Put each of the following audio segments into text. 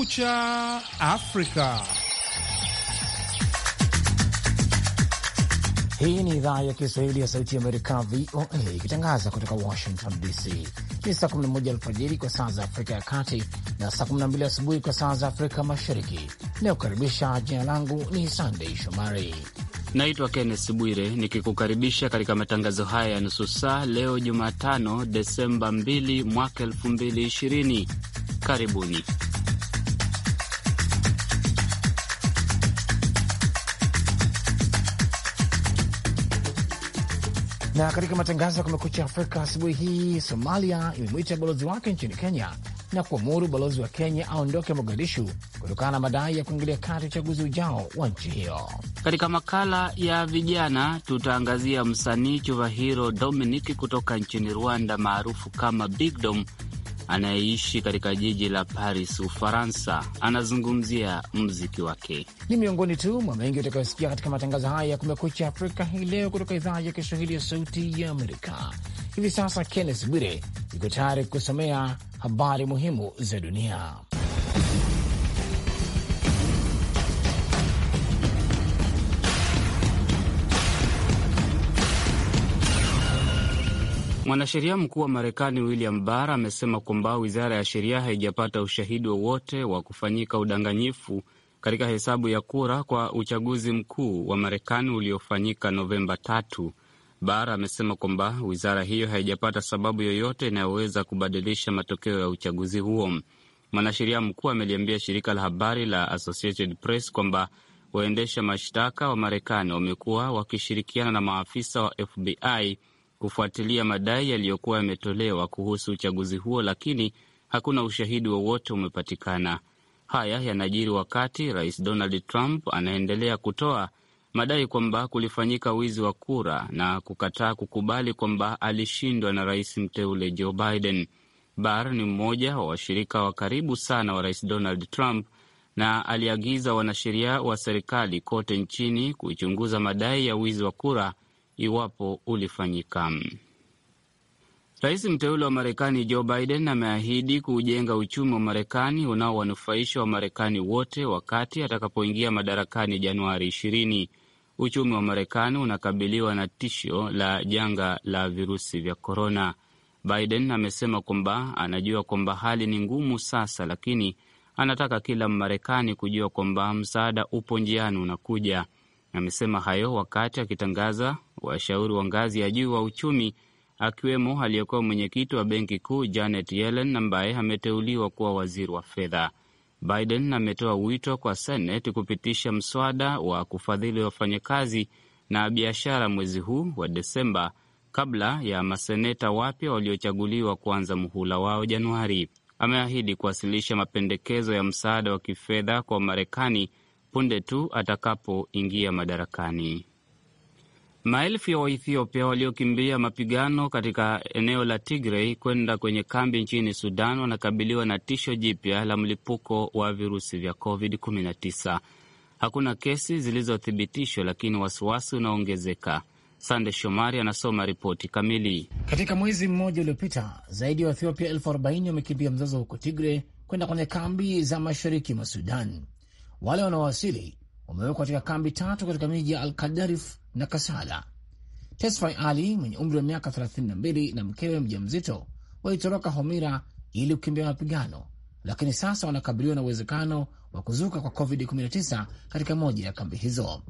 Kumekucha Afrika. Hii ni idhaa ya Kiswahili ya Sauti ya Amerika, VOA, ikitangaza kutoka Washington DC. Ni saa 11 alfajiri kwa saa za Afrika ya Kati na saa 12 asubuhi kwa saa za Afrika Mashariki. Inayokaribisha, jina langu ni Sandei Shomari. Naitwa Kennes Bwire nikikukaribisha katika matangazo haya ya nusu saa leo Jumatano, Desemba 2 mwaka 2020. Karibuni. Na katika matangazo ya Kumekucha Afrika asubuhi hii, Somalia imemwita balozi wake nchini Kenya na kuamuru balozi wa Kenya aondoke Mogadishu kutokana na madai ya kuingilia kati uchaguzi ujao wa nchi hiyo. Katika makala ya vijana, tutaangazia msanii chuvahiro Dominic kutoka nchini Rwanda maarufu kama Big Dom anayeishi katika jiji la Paris, Ufaransa, anazungumzia mziki wake. Ni miongoni tu mwa mengi utakayosikia katika matangazo haya ya Kumekucha Afrika hii leo kutoka idhaa ya Kiswahili ya Sauti ya Amerika. Hivi sasa, Kenneth Bwire yuko tayari kusomea habari muhimu za dunia. Mwanasheria mkuu wa Marekani William Barr amesema kwamba wizara ya sheria haijapata ushahidi wowote wa kufanyika udanganyifu katika hesabu ya kura kwa uchaguzi mkuu wa Marekani uliofanyika Novemba tatu. Barr amesema kwamba wizara hiyo haijapata sababu yoyote inayoweza kubadilisha matokeo ya uchaguzi huo. Mwanasheria mkuu ameliambia shirika la habari la Associated Press kwamba waendesha mashtaka wa Marekani wamekuwa wakishirikiana na maafisa wa FBI kufuatilia madai yaliyokuwa yametolewa kuhusu uchaguzi huo, lakini hakuna ushahidi wowote umepatikana. Haya yanajiri wakati Rais Donald Trump anaendelea kutoa madai kwamba kulifanyika wizi wa kura na kukataa kukubali kwamba alishindwa na rais mteule Joe Biden. Barr ni mmoja wa washirika wa karibu sana wa Rais Donald Trump na aliagiza wanasheria wa serikali kote nchini kuichunguza madai ya wizi wa kura iwapo ulifanyika. Rais mteule wa Marekani Joe Biden ameahidi kuujenga uchumi wa Marekani unaowanufaisha Wamarekani wote wakati atakapoingia madarakani Januari 20. Uchumi wa Marekani unakabiliwa na tisho la janga la virusi vya korona. Biden amesema kwamba anajua kwamba hali ni ngumu sasa, lakini anataka kila Mmarekani kujua kwamba msaada upo njiani unakuja. Amesema hayo wakati akitangaza washauri wa ngazi ya juu wa uchumi, akiwemo aliyekuwa mwenyekiti wa benki kuu Janet Yellen ambaye ameteuliwa kuwa waziri wa fedha. Biden ametoa wito kwa senet kupitisha mswada wa kufadhili wafanyakazi na biashara mwezi huu wa Desemba kabla ya maseneta wapya waliochaguliwa kuanza muhula wao Januari. Ameahidi kuwasilisha mapendekezo ya msaada wa kifedha kwa Marekani punde tu atakapoingia madarakani. Maelfu ya Waethiopia waliokimbia mapigano katika eneo la Tigrey kwenda kwenye kambi nchini Sudan wanakabiliwa na tisho jipya la mlipuko wa virusi vya COVID-19. Hakuna kesi zilizothibitishwa, lakini wasiwasi unaongezeka. Sande Shomari anasoma ripoti kamili. Katika mwezi mmoja uliopita, zaidi ya wa Waethiopia elfu arobaini wamekimbia mzozo huko Tigre kwenda kwenye kambi za mashariki mwa Sudan. Wale wanaowasili wamewekwa katika kambi tatu katika miji ya Alkadarif na Kasala. Tesfai Ali mwenye umri wa miaka 32 na mkewe mja mzito walitoroka Homira ili kukimbia mapigano, lakini sasa wanakabiliwa na uwezekano wa kuzuka kwa COVID-19 katika moja ya kambi hizo.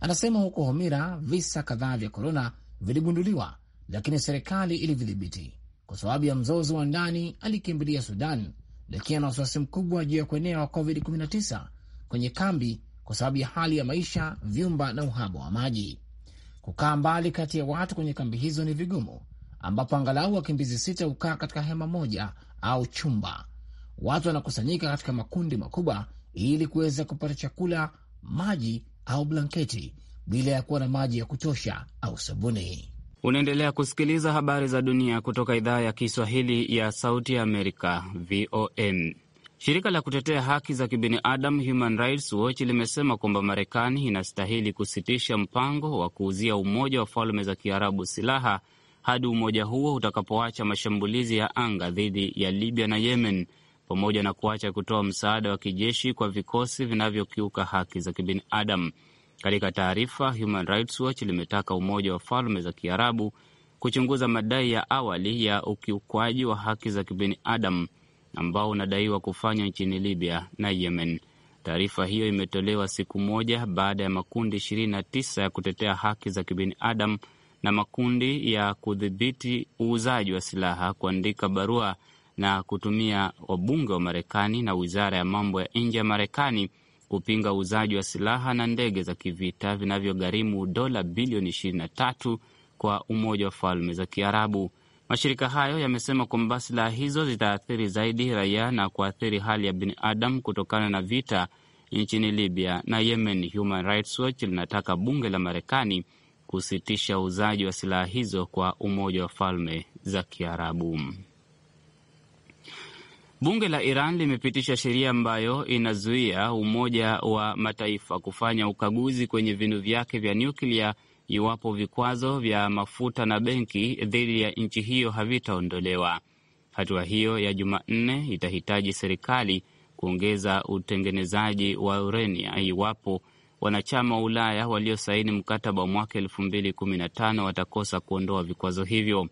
Anasema huko Homira visa kadhaa vya korona viligunduliwa, lakini serikali ilividhibiti. Kwa sababu ya mzozo wa ndani, alikimbilia Sudan, lakini ana wasiwasi mkubwa juu ya kuenea wa COVID-19 kwenye kambi kwa sababu ya hali ya maisha, vyumba na uhaba wa maji. Kukaa mbali kati ya watu kwenye kambi hizo ni vigumu, ambapo angalau wakimbizi sita hukaa katika hema moja au chumba. Watu wanakusanyika katika makundi makubwa ili kuweza kupata chakula, maji au blanketi bila ya kuwa na maji ya kutosha au sabuni. Unaendelea kusikiliza habari za dunia kutoka idhaa ya Kiswahili ya Sauti ya Amerika, VOM. Shirika la kutetea haki za kibinadamu Human Rights Watch limesema kwamba Marekani inastahili kusitisha mpango wa kuuzia Umoja wa Falme za Kiarabu silaha hadi umoja huo utakapoacha mashambulizi ya anga dhidi ya Libya na Yemen, pamoja na kuacha kutoa msaada wa kijeshi kwa vikosi vinavyokiuka haki za kibinadamu. Katika taarifa, Human Rights Watch limetaka Umoja wa Falme za Kiarabu kuchunguza madai ya awali ya ukiukwaji wa haki za kibinadamu ambao unadaiwa kufanywa nchini Libya na Yemen. Taarifa hiyo imetolewa siku moja baada ya makundi 29 ya kutetea haki za kibinadamu na makundi ya kudhibiti uuzaji wa silaha kuandika barua na kutumia wabunge wa Marekani na wizara ya mambo ya nje ya Marekani kupinga uuzaji wa silaha na ndege za kivita vinavyogharimu dola bilioni 23 kwa Umoja wa Falme za Kiarabu. Mashirika hayo yamesema kwamba silaha hizo zitaathiri zaidi raia na kuathiri hali ya binadamu kutokana na vita nchini Libya na Yemen. Human Rights Watch linataka bunge la Marekani kusitisha uuzaji wa silaha hizo kwa Umoja wa Falme za Kiarabu. Bunge la Iran limepitisha sheria ambayo inazuia Umoja wa Mataifa kufanya ukaguzi kwenye vinu vyake vya nyuklia iwapo vikwazo vya mafuta na benki dhidi ya nchi hiyo havitaondolewa. Hatua hiyo ya Jumanne itahitaji serikali kuongeza utengenezaji wa urenia iwapo wanachama wa Ulaya waliosaini mkataba wa mwaka elfu mbili kumi na tano watakosa kuondoa vikwazo hivyo.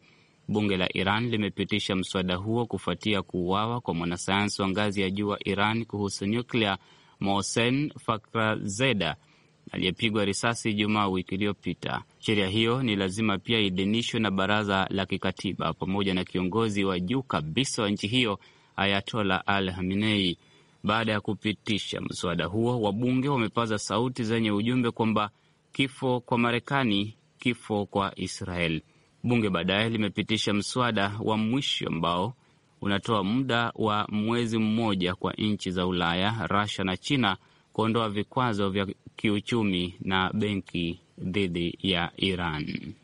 Bunge la Iran limepitisha mswada huo kufuatia kuuawa kwa mwanasayansi wa ngazi ya juu wa Iran kuhusu nyuklia Mohsen Fakhrizadeh aliyepigwa risasi Ijumaa wiki iliyopita. Sheria hiyo ni lazima pia iidhinishwe na baraza la kikatiba pamoja na kiongozi wa juu kabisa wa nchi hiyo Ayatola Al Hamenei. Baada ya kupitisha mswada huo, wabunge wamepaza sauti zenye ujumbe kwamba kifo kwa Marekani, kifo kwa Israel. Bunge baadaye limepitisha mswada wa mwisho ambao unatoa muda wa mwezi mmoja kwa nchi za Ulaya, rasia na China kuondoa vikwazo vya kiuchumi na benki dhidi ya Iran.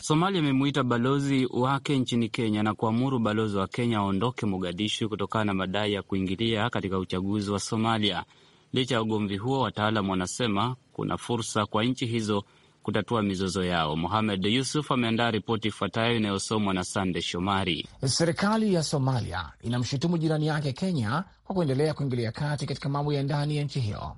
Somalia imemwita balozi wake nchini Kenya na kuamuru balozi wa Kenya aondoke Mogadishu kutokana na madai ya kuingilia katika uchaguzi wa Somalia. Licha ya ugomvi huo, wataalam wanasema kuna fursa kwa nchi hizo kutatua mizozo yao. muhamed Yusuf ameandaa ripoti ifuatayo inayosomwa na Sande Shomari. Serikali ya Somalia inamshutumu jirani yake Kenya kwa kuendelea kuingilia kati katika mambo ya ndani ya nchi hiyo.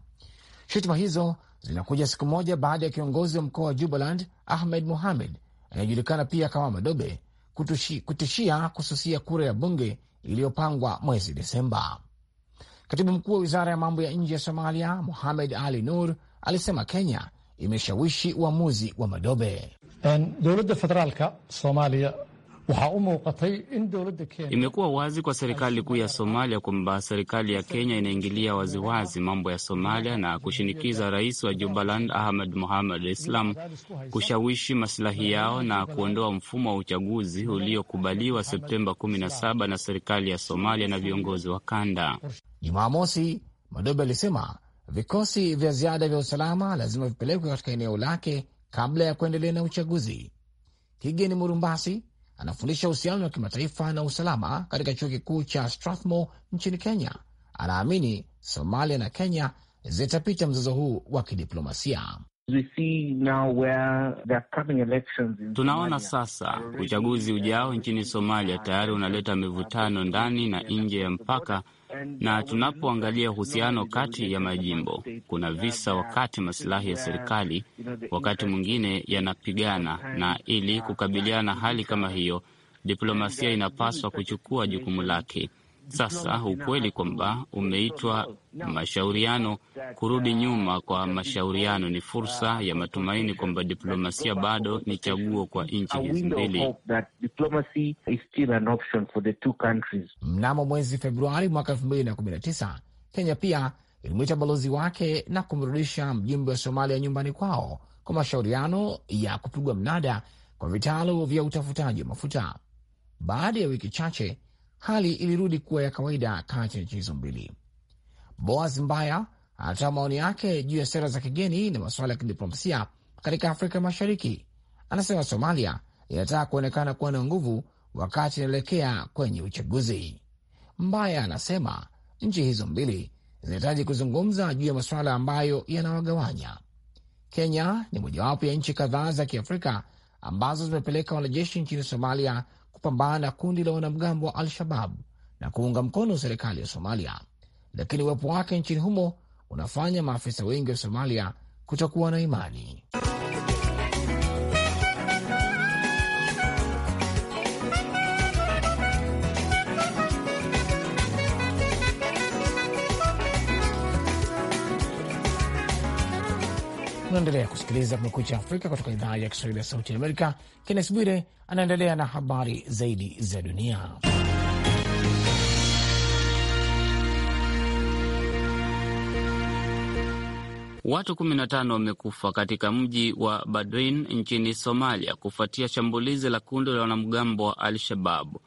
Shutuma hizo zinakuja siku moja baada ya kiongozi wa mkoa wa Jubaland Ahmed Muhamed anayejulikana pia kama Madobe kutishia kususia kura ya bunge iliyopangwa mwezi Desemba. Katibu mkuu wa wizara ya mambo ya nje ya Somalia Muhamed Ali Nur alisema Kenya imeshawishi uamuzi wa Madobe. Dowladda federaalka Somalia Imekuwa wazi kwa serikali kuu ya Somalia kwamba serikali ya Kenya inaingilia waziwazi mambo ya Somalia na kushinikiza rais wa Jubaland Ahmed Muhamed Islam kushawishi masilahi yao na kuondoa mfumo wa uchaguzi uliokubaliwa Septemba 17 na serikali ya Somalia na viongozi wa kanda. Jumamosi, Madobe alisema vikosi vya ziada vya usalama lazima vipelekwe katika eneo lake kabla ya kuendelea na uchaguzi. Kigeni Murumbasi anafundisha uhusiano wa kimataifa na usalama katika chuo kikuu cha Strathmore nchini Kenya. Anaamini Somalia na Kenya zitapita mzozo huu wa kidiplomasia. Tunaona sasa uchaguzi ujao nchini Somalia tayari unaleta mivutano ndani na nje ya mpaka na tunapoangalia uhusiano kati ya majimbo, kuna visa wakati masilahi ya serikali wakati mwingine yanapigana, na ili kukabiliana na hali kama hiyo, diplomasia inapaswa kuchukua jukumu lake. Sasa ukweli kwamba umeitwa mashauriano, kurudi nyuma kwa mashauriano ni fursa ya matumaini kwamba diplomasia bado ni chaguo kwa nchi hizi mbili. Mnamo mwezi Februari mwaka elfu mbili na kumi na tisa Kenya pia ilimwita balozi wake na kumrudisha mjumbe wa Somalia nyumbani kwao kwa mashauriano ya kupigwa mnada kwa vitalu vya utafutaji wa mafuta. Baada ya wiki chache hali ilirudi kuwa ya kawaida kati ya nchi hizo mbili. Boaz Mbaya anatoa maoni yake juu ya sera za kigeni na masuala ya kidiplomasia katika Afrika Mashariki. Anasema Somalia inataka kuonekana kuwa na nguvu wakati inaelekea kwenye uchaguzi. Mbaya anasema nchi hizo mbili zinahitaji kuzungumza juu ya masuala ambayo yanawagawanya. Kenya ni mojawapo ya nchi kadhaa za Kiafrika ambazo zimepeleka wanajeshi nchini Somalia kupambana na kundi la wanamgambo wa Al-Shabab na kuunga mkono serikali ya Somalia, lakini uwepo wake nchini humo unafanya maafisa wengi wa Somalia kutokuwa na imani Unaendelea kusikiliza Kumekucha Afrika kutoka idhaa ya Kiswahili ya Sauti ya Amerika. Kennes Bwire anaendelea na habari zaidi za dunia. Watu 15 wamekufa katika mji wa Badrin nchini Somalia kufuatia shambulizi la kundi la wanamgambo wa Al-Shababu.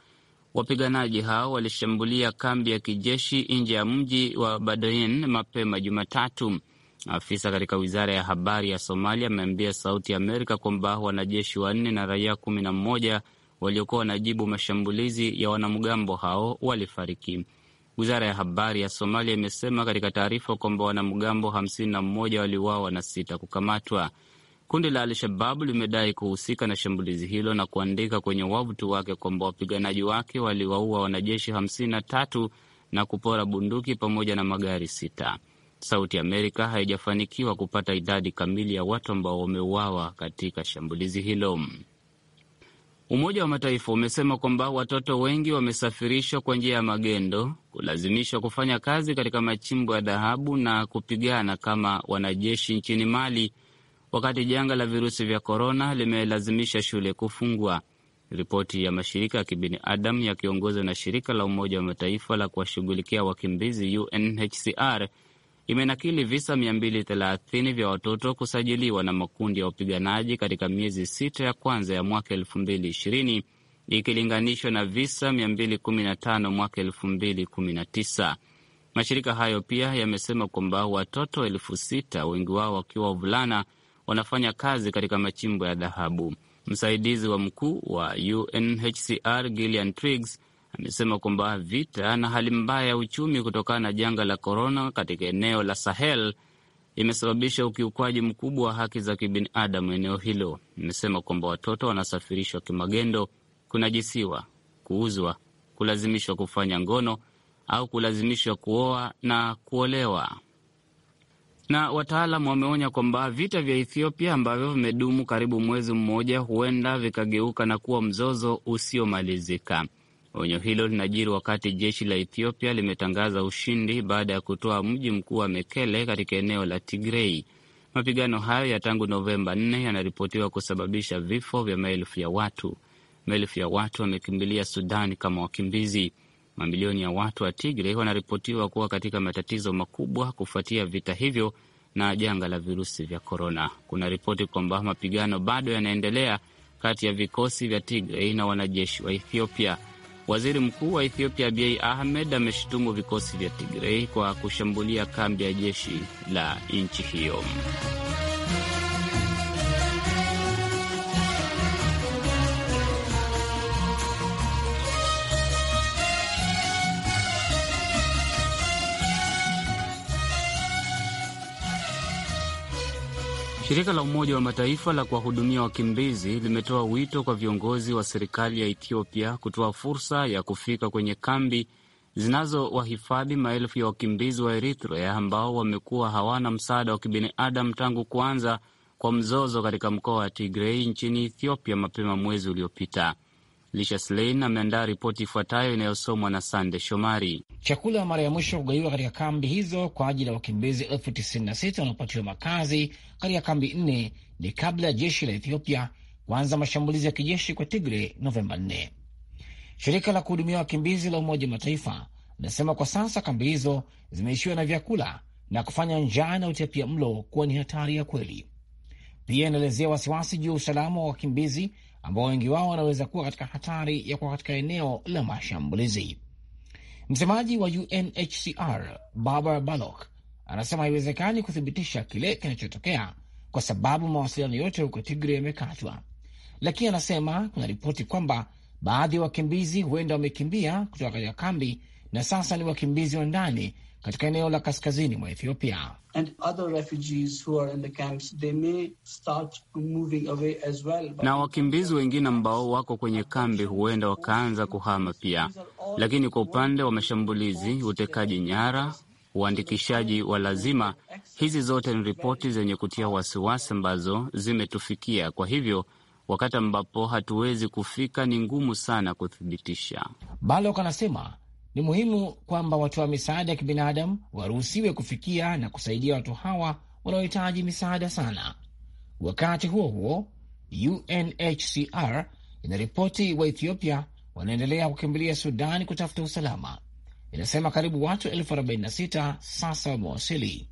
Wapiganaji hao walishambulia kambi ya kijeshi nje ya mji wa Badrin mapema Jumatatu. Afisa katika wizara ya habari ya Somalia ameambia Sauti ya Amerika kwamba wanajeshi wanne na raia kumi na mmoja waliokuwa wanajibu mashambulizi ya wanamgambo hao walifariki. Wizara ya habari ya Somalia imesema katika taarifa kwamba wanamgambo 51 waliuawa na sita kukamatwa. Kundi la Al-Shababu limedai kuhusika na shambulizi hilo na kuandika kwenye wavuti wake kwamba wapiganaji wake waliwaua wanajeshi 53 na kupora bunduki pamoja na magari sita. Sauti Amerika haijafanikiwa kupata idadi kamili ya watu ambao wameuawa katika shambulizi hilo. Umoja wa Mataifa umesema kwamba watoto wengi wamesafirishwa kwa njia ya magendo, kulazimishwa kufanya kazi katika machimbo ya dhahabu na kupigana kama wanajeshi nchini Mali, wakati janga la virusi vya korona limelazimisha shule kufungwa. Ripoti ya mashirika ya kibinadamu yakiongozwa na shirika la Umoja wa Mataifa la kuwashughulikia wakimbizi UNHCR imenakili visa 230 vya watoto kusajiliwa na makundi ya wapiganaji katika miezi sita ya kwanza ya mwaka 2020 ikilinganishwa na visa 215 mwaka 2019. Mashirika hayo pia yamesema kwamba watoto elfu sita, wengi wao wakiwa wavulana, wanafanya kazi katika machimbo ya dhahabu. Msaidizi wa mkuu wa UNHCR Gillian Triggs amesema kwamba vita na hali mbaya ya uchumi kutokana na janga la korona katika eneo la Sahel imesababisha ukiukwaji mkubwa wa haki za kibinadamu eneo hilo. Imesema kwamba watoto wanasafirishwa kimagendo, kunajisiwa, kuuzwa, kulazimishwa kufanya ngono au kulazimishwa kuoa na kuolewa. Na wataalam wameonya kwamba vita vya Ethiopia ambavyo vimedumu karibu mwezi mmoja huenda vikageuka na kuwa mzozo usiomalizika. Onyo hilo linajiri wakati jeshi la Ethiopia limetangaza ushindi baada ya kutoa mji mkuu wa Mekele katika eneo la Tigrei. Mapigano hayo ya tangu Novemba 4 yanaripotiwa kusababisha vifo vya maelfu ya watu. Maelfu ya watu wamekimbilia Sudani kama wakimbizi. Mamilioni ya watu wa Tigre wanaripotiwa kuwa katika matatizo makubwa kufuatia vita hivyo na janga la virusi vya korona. Kuna ripoti kwamba mapigano bado yanaendelea kati ya vikosi vya Tigrei na wanajeshi wa Ethiopia. Waziri mkuu wa Ethiopia Abiy Ahmed ameshutumu vikosi vya Tigrei kwa kushambulia kambi ya jeshi la nchi hiyo. Shirika la Umoja wa Mataifa la kuwahudumia wakimbizi limetoa wito kwa viongozi wa serikali ya Ethiopia kutoa fursa ya kufika kwenye kambi zinazowahifadhi maelfu ya wakimbizi wa Eritrea ambao wamekuwa hawana msaada wa kibinadamu tangu kuanza kwa mzozo katika mkoa wa Tigrei nchini Ethiopia mapema mwezi uliopita ameandaa ripoti ifuatayo inayosomwa na Sande Shomari. Chakula mara ya mwisho kugaiwa katika kambi hizo kwa ajili ya wakimbizi elfu tisini na sita wanaopatiwa makazi katika kambi nne ni kabla ya jeshi la Ethiopia kuanza mashambulizi ya kijeshi kwa Tigre Novemba 4. Shirika la kuhudumia wakimbizi la Umoja Mataifa linasema kwa sasa kambi hizo zimeishiwa na vyakula na kufanya njaa na utapia mlo kuwa ni hatari ya kweli. Pia inaelezea wasiwasi juu ya usalama wa wakimbizi ambao wengi wao wanaweza kuwa katika hatari ya kuwa katika eneo la mashambulizi. Msemaji wa UNHCR Barbara Balok anasema haiwezekani kuthibitisha kile kinachotokea kwa sababu mawasiliano yote huko Tigre yamekatwa, lakini anasema kuna ripoti kwamba baadhi ya wakimbizi huenda wamekimbia kutoka katika kambi na sasa ni wakimbizi wa ndani katika eneo la kaskazini mwa Ethiopia na wakimbizi wengine ambao wako kwenye kambi huenda wakaanza kuhama pia. Lakini kwa upande wa mashambulizi, utekaji nyara, uandikishaji wa lazima, hizi zote ni ripoti zenye kutia wasiwasi ambazo zimetufikia. Kwa hivyo wakati ambapo hatuwezi kufika, ni ngumu sana kuthibitisha. Balok anasema ni muhimu kwamba watoa misaada ya kibinadamu waruhusiwe kufikia na kusaidia watu hawa wanaohitaji misaada sana. Wakati huo huo, UNHCR inaripoti wa Ethiopia wanaendelea kukimbilia Sudani kutafuta usalama. Inasema karibu watu elfu 46 sasa wamewasili.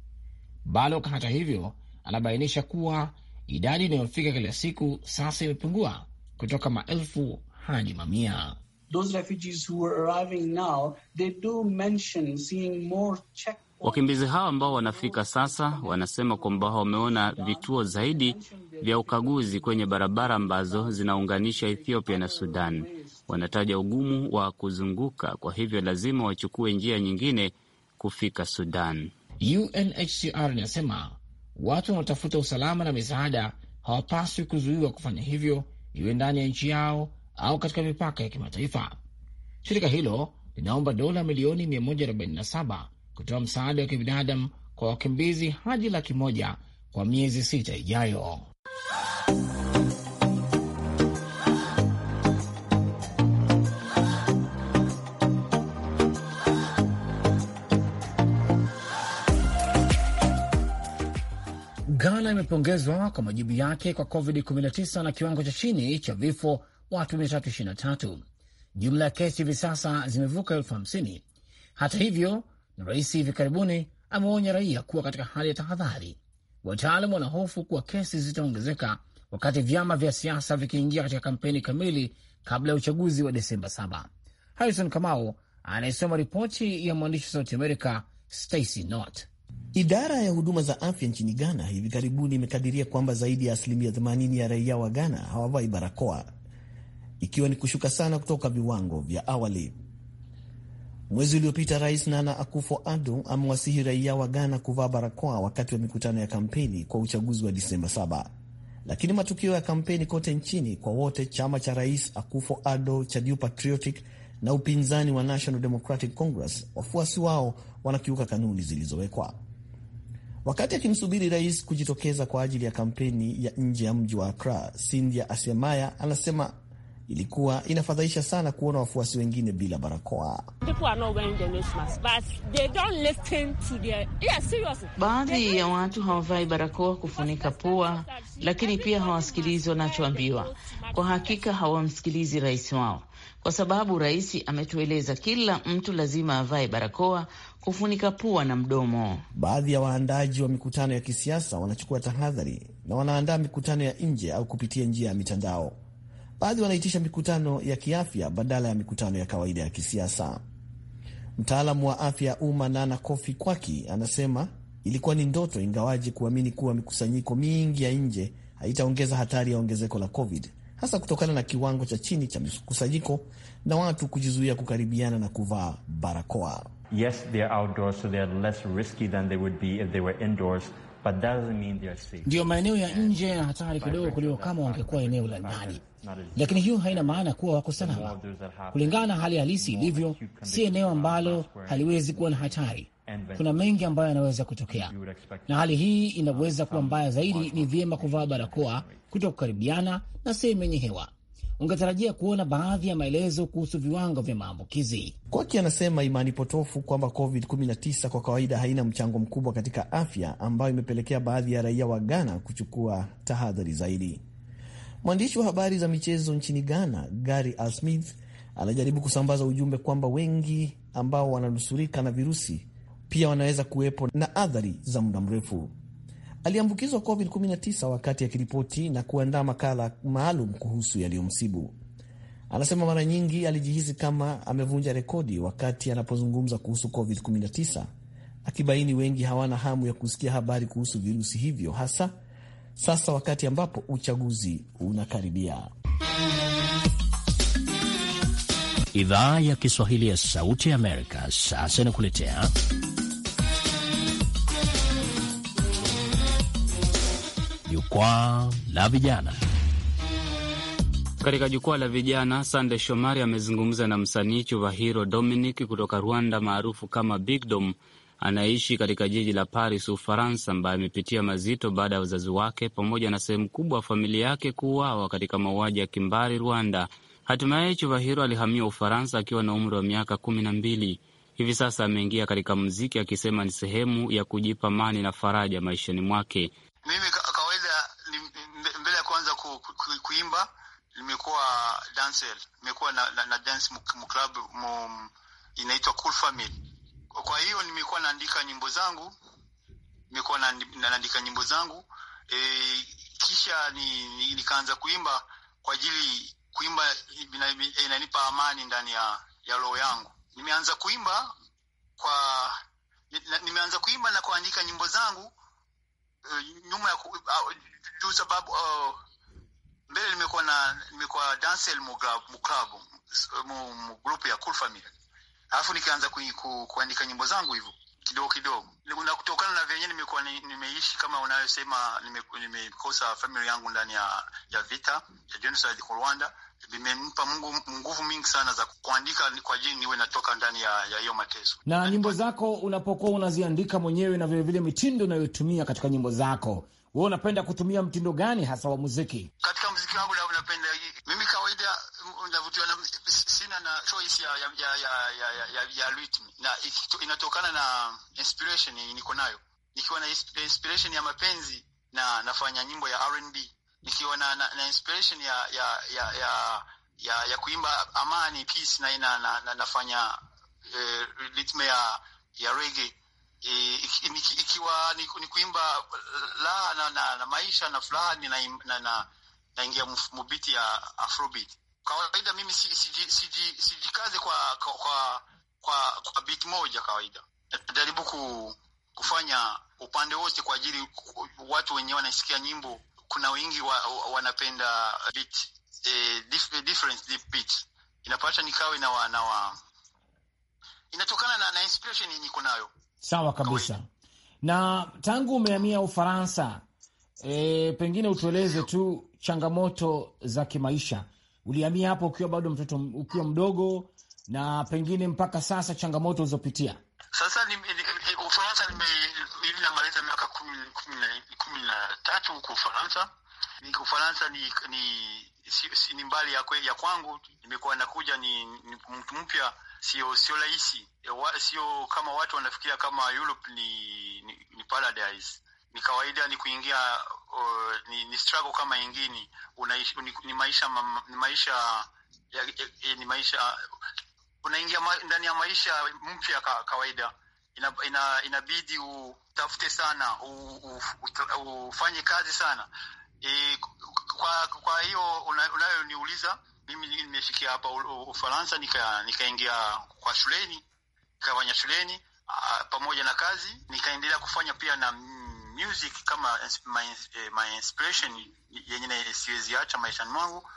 Balok hata hivyo, anabainisha kuwa idadi inayofika kila siku sasa imepungua kutoka maelfu hadi mamia. Those refugees who are arriving now, they do mention seeing more check Wakimbizi hao ambao wanafika sasa wanasema kwamba wameona vituo zaidi vya ukaguzi kwenye barabara ambazo zinaunganisha Ethiopia na Sudan. Wanataja ugumu wa kuzunguka, kwa hivyo lazima wachukue njia nyingine kufika Sudan. UNHCR inasema watu wanaotafuta usalama na misaada hawapaswi kuzuiwa kufanya hivyo, iwe ndani ya nchi yao au katika mipaka ya kimataifa. Shirika hilo linaomba dola milioni 147 kutoa msaada wa kibinadamu kwa wakimbizi hadi laki moja kwa miezi sita ijayo. Ghana imepongezwa kwa majibu yake kwa COVID-19 na kiwango cha chini cha vifo watu 323. Jumla ya kesi hivi sasa zimevuka elfu hamsini. Hata hivyo, rais hivi karibuni ameonya raia kuwa katika hali ya tahadhari. Wataalam wanahofu kuwa kesi zitaongezeka wakati vyama vya siasa vikiingia katika kampeni kamili kabla ya uchaguzi wa Desemba saba. Harrison Kamau anayesoma ripoti ya mwandishi wa Sauti Amerika Stacy Not. Idara ya huduma za afya nchini Ghana hivi karibuni imekadiria kwamba zaidi ya asilimia 80 ya raia wa Ghana hawavai barakoa ikiwa ni kushuka sana kutoka viwango vya awali. Mwezi uliopita Rais Nana Akufo-Addo amewasihi raia wa Ghana kuvaa barakoa wakati wa mikutano ya kampeni kwa uchaguzi wa Disemba 7, lakini matukio ya kampeni kote nchini kwa wote, chama cha Rais Akufo-Addo cha New Patriotic na upinzani wa National Democratic Congress, wafuasi wao wanakiuka kanuni zilizowekwa. Wakati akimsubiri rais kujitokeza kwa ajili ya kampeni ya nje ya mji wa Akra, sindia Asemaya anasema Ilikuwa inafadhaisha sana kuona wafuasi wengine bila barakoa. Baadhi ya watu hawavai barakoa kufunika pua, lakini pia hawasikilizi wanachoambiwa. Kwa hakika hawamsikilizi rais wao, kwa sababu rais ametueleza kila mtu lazima avae barakoa kufunika pua na mdomo. Baadhi ya waandaji wa mikutano ya kisiasa wanachukua tahadhari na wanaandaa mikutano ya nje au kupitia njia ya mitandao baadhi wanaitisha mikutano ya kiafya badala ya mikutano ya kawaida ya kisiasa. Mtaalamu wa afya ya umma Nana Kofi Kwaki anasema ilikuwa ni ndoto, ingawaji kuamini kuwa mikusanyiko mingi ya nje haitaongeza hatari ya ongezeko la COVID, hasa kutokana na kiwango cha chini cha mikusanyiko na watu kujizuia kukaribiana na kuvaa barakoa. Yes, ndiyo maeneo ya nje yana hatari kidogo kuliko kama wangekuwa eneo la ndani lakini hiyo haina maana kuwa wako salama. Kulingana na hali halisi ilivyo, si eneo ambalo haliwezi kuwa na hatari. Kuna mengi ambayo yanaweza kutokea, na hali hii inaweza kuwa mbaya zaidi. Ni vyema kuvaa barakoa, kuto kukaribiana na sehemu yenye hewa. Ungetarajia kuona baadhi ya maelezo kuhusu viwango vya maambukizi. Kwaki anasema imani potofu kwamba COVID-19 kwa kawaida haina mchango mkubwa katika afya, ambayo imepelekea baadhi ya raia wa Ghana kuchukua tahadhari zaidi. Mwandishi wa habari za michezo nchini Ghana, Gary Alsmith, anajaribu kusambaza ujumbe kwamba wengi ambao wananusurika na virusi pia wanaweza kuwepo na athari za muda mrefu. Aliambukizwa COVID-19 wakati akiripoti na kuandaa makala maalum kuhusu yaliyomsibu. Anasema mara nyingi alijihisi kama amevunja rekodi wakati anapozungumza kuhusu COVID-19, akibaini wengi hawana hamu ya kusikia habari kuhusu virusi hivyo, hasa sasa wakati ambapo uchaguzi unakaribia. Idhaa ya Kiswahili ya Sauti ya Amerika sasa inakuletea Jukwaa la Vijana. Katika jukwaa la vijana, Sande Shomari amezungumza na msanii Chuvahiro Dominic kutoka Rwanda, maarufu kama Big Dom, anaishi katika jiji la Paris, Ufaransa, ambaye amepitia mazito baada ya wazazi wake pamoja na sehemu kubwa ya familia yake kuuawa katika mauaji ya kimbari Rwanda. Hatimaye chuvahiro alihamia Ufaransa akiwa na umri wa miaka kumi na mbili. Hivi sasa ameingia katika mziki akisema ni sehemu ya kujipa mani na faraja maishani mwake. Mimi kawaida mbele ya kuanza ku, ku, ku, kuimba nimekuwa dancer, nimekuwa na, na, na dance mklub inaitwa Cool Family kwa hiyo nimekuwa naandika nyimbo zangu, nimekuwa naandika nyimbo zangu e, kisha ni, nikaanza kuimba kwa ajili kuimba inanipa amani ndani ya, ya roho yangu. Nimeanza kuimba kwa nimeanza kuimba na kuandika nyimbo zangu e, nyuma ya uh, sababu uh, mbele nimekuwa na nimekuwa Dancel mu group ya Cool Family alafu nikaanza kuandika nyimbo zangu hivyo kidogo kidogo, na kutokana na venye nimekuwa nimeishi kama unayosema, nimekosa famili yangu ndani ya, ya vita ya genocide kwa Rwanda, vimempa Mungu nguvu mingi sana za kuandika kwa jini niwe natoka ndani ya hiyo mateso. Na nyimbo zako unapokuwa unaziandika mwenyewe na vilevile mitindo unayotumia katika nyimbo zako, wewe unapenda kutumia mtindo gani hasa wa muziki katika maandishi ya, ya, ya, ya, ya, ya, ya rhythm na inatokana na inspiration niko nayo. Nikiwa na inspiration ya mapenzi na nafanya nyimbo ya R&B, nikiwa na, na, na inspiration ya ya, ya ya ya ya kuimba amani peace, na ina, na, na nafanya eh, rhythm ya ya reggae E, iki, ikiwa ni kuimba la na, na, na maisha na furaha na na, na, na ingia mubiti ya afrobeat kawaida mimi sijikaze si, si, si, si si, kwa, kwa, kwa, kwa, kwa bit moja. Kawaida najaribu ku, kufanya upande wote kwa ajili watu wenyewe wanasikia nyimbo. Kuna wengi wa, wa, wanapenda bit, e, eh, dif, different deep beat inapata nikawe na wa, na wa, inatokana na, na inspiration yenye iko nayo. Sawa kabisa kawaida. Na tangu umehamia Ufaransa, e, pengine utueleze tu changamoto za kimaisha ulihamia hapo ukiwa bado mtoto, ukiwa mdogo, na pengine mpaka sasa changamoto ulizopitia? Sasa ni, ni, Ufaransa namaliza miaka kumi na tatu huko Ufaransa. Ufaransa ni, ni, si, ni mbali ya, kwe, ya kwangu. Nimekuwa nakuja ni, ni mtu mpya, sio sio rahisi, sio kama watu wanafikiria kama Europe ni, ni, ni paradise ni kawaida, ni kuingia uh, ni, ni struggle kama ingini unaishi, ni, ni maisha ma, ni maisha ya, ya, ni maisha unaingia ma, ndani ya maisha mpya ka, kawaida ina, ina, inabidi utafute sana ufanye kazi sana e, kwa kwa hiyo unayoniuliza mimi nimefikia hapa Ufaransa nikaingia nika kwa shuleni nikafanya shuleni a, pamoja na kazi nikaendelea kufanya pia na music kama my, eh, my inspiration yenye eh, siwezi acha maishani mwangu.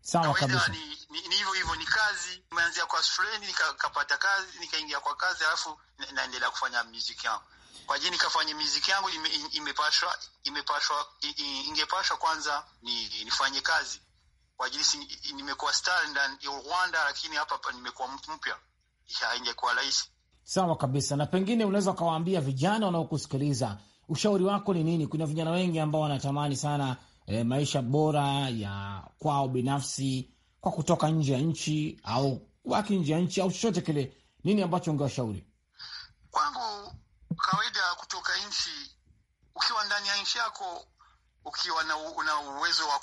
Sawa kabisa. Ni hivyo hivyo, ni kazi. Nimeanzia kwa friend nikapata kazi, nikaingia kwa kazi, alafu naendelea kufanya music yangu. Kwa jini nikafanya muziki yangu imepashwa imepashwa ingepashwa kwanza ni, nifanye kazi kwa jinsi nimekuwa star ndani ya Rwanda, lakini hapa nimekuwa mtu mpya, haingekuwa rahisi. Sawa kabisa. Na pengine unaweza ukawaambia vijana wanaokusikiliza ushauri wako ni nini? Kuna vijana wengi ambao wanatamani sana e, maisha bora ya kwao binafsi kwa kutoka nje ya nchi au waki nje ya nchi au chochote kile, nini ambacho ungewashauri? Kwangu kawaida, kutoka nchi ukiwa ndani ya nchi yako ukiwa na, una uwezo wa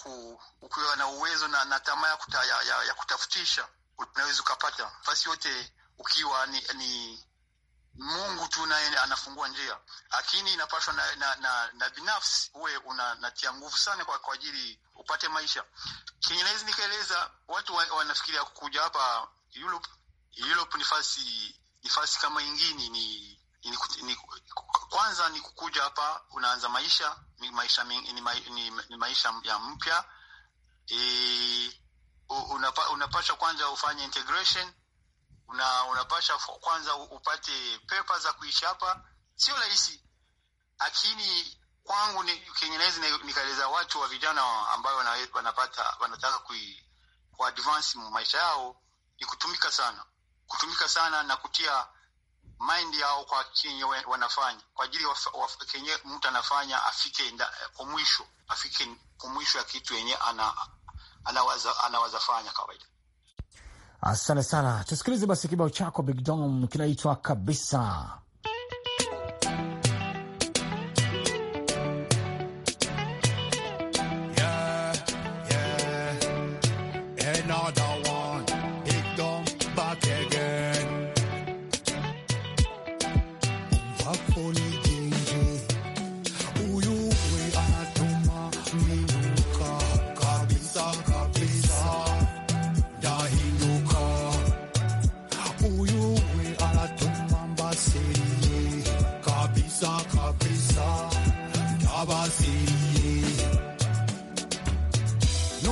ukiwa na uwezo na, na tamaa ya, ya, ya, ya kutafutisha unaweza ukapata fasi yote ukiwa ni, ni Mungu tu naye anafungua njia, lakini inapaswa na, na, na, na binafsi uwe unatia nguvu sana kwa, kwa ajili upate maisha. Kinyelezi nikaeleza watu wanafikiria kukuja kuja hapa Europe. Europe ni fasi kama ingini ni, ni, ni kwanza ni kukuja hapa unaanza maisha ni maisha, ni, ni, ni maisha ya mpya e, unapa, unapaswa kwanza ufanye integration una, unapasha kwanza upate pepa za kuishi hapa Sio rahisi, lakini kwangu kingenezi nikaeleza watu wa vijana ambayo wanapata wanataka kui, kwa advance maisha yao ni kutumika sana, kutumika sana na kutia mind yao kwa kenye wanafanya kwa ajili kenye mtu anafanya afike kwa mwisho, afike kwa mwisho ya kitu yenye ana, anawaza fanya kawaida Asante sana, tusikilize basi kibao chako Big Dom kinaitwa kabisa.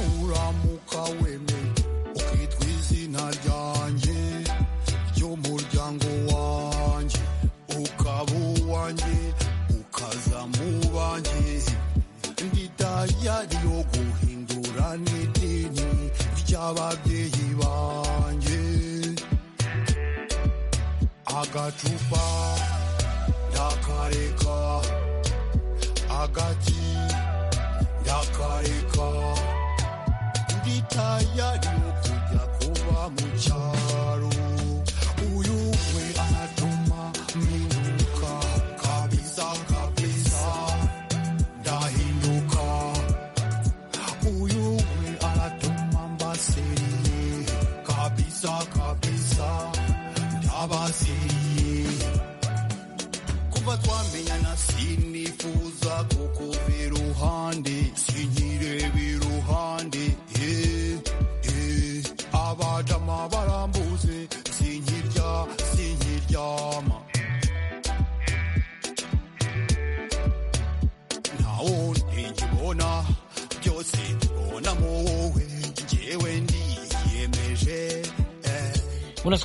nuramuka wemeye ukitwa izina ryanjye ry'umuryango wanjye ukaba uwanjye ukaza mu banjye ndidayari yo guhindura n'idini ry'ababyeyi banjye agacupa ndakareka I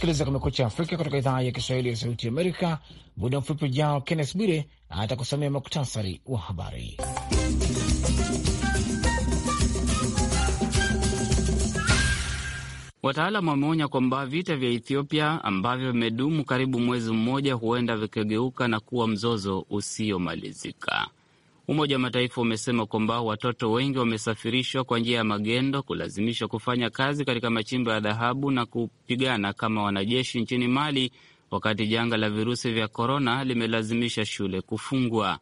unasikiliza Kumekucha Afrika kutoka idhaa ya Kiswahili ya Sauti Amerika. Muda mfupi ujao, Kennes Bwire atakusomea muktasari wa habari. Wataalam wameonya kwamba vita vya Ethiopia ambavyo vimedumu karibu mwezi mmoja huenda vikageuka na kuwa mzozo usiomalizika. Umoja wa Mataifa umesema kwamba watoto wengi wamesafirishwa kwa njia ya magendo, kulazimishwa kufanya kazi katika machimbo ya dhahabu na kupigana kama wanajeshi nchini Mali, wakati janga la virusi vya korona limelazimisha shule kufungwa.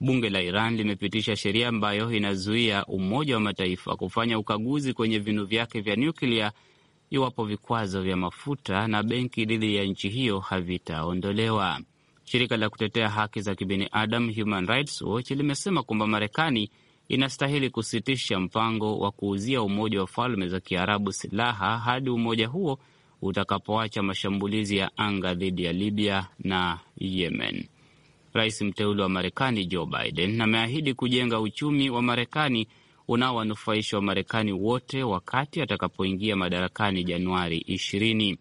Bunge la Iran limepitisha sheria ambayo inazuia Umoja wa Mataifa kufanya ukaguzi kwenye vinu vyake vya nyuklia iwapo vikwazo vya mafuta na benki dhidi ya nchi hiyo havitaondolewa. Shirika la kutetea haki za kibinadamu Human Rights Watch limesema kwamba Marekani inastahili kusitisha mpango wa kuuzia Umoja wa Falme za Kiarabu silaha hadi umoja huo utakapoacha mashambulizi ya anga dhidi ya Libya na Yemen. Rais mteule wa Marekani Joe Biden ameahidi kujenga uchumi wa Marekani unaowanufaisha Wamarekani wote wakati atakapoingia madarakani Januari 20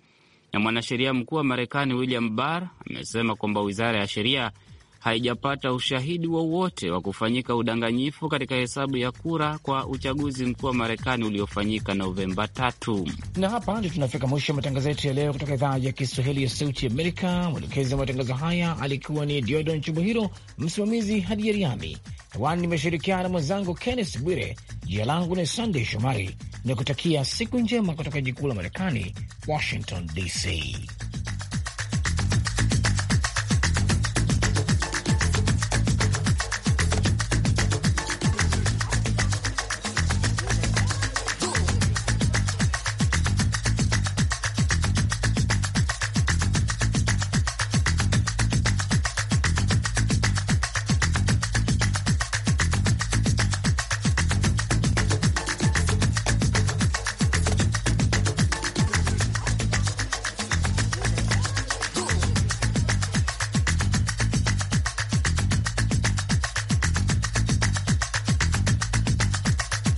na mwanasheria mkuu wa Marekani William Barr amesema kwamba wizara ya sheria haijapata ushahidi wowote wa, wa kufanyika udanganyifu katika hesabu ya kura kwa uchaguzi mkuu wa Marekani uliofanyika Novemba tatu. Na hapa ndio tunafika mwisho wa matangazo yetu ya leo kutoka idhaa ya Kiswahili ya Sauti Amerika. Mwelekezi wa matangazo haya alikuwa ni Diodon Chubuhiro, msimamizi Hadi Yeriami. Hewani nimeshirikiana na mwenzangu Kennes Bwire. Jina langu ni Sandey Shomari na kutakia siku njema kutoka jikuu la Marekani, Washington DC.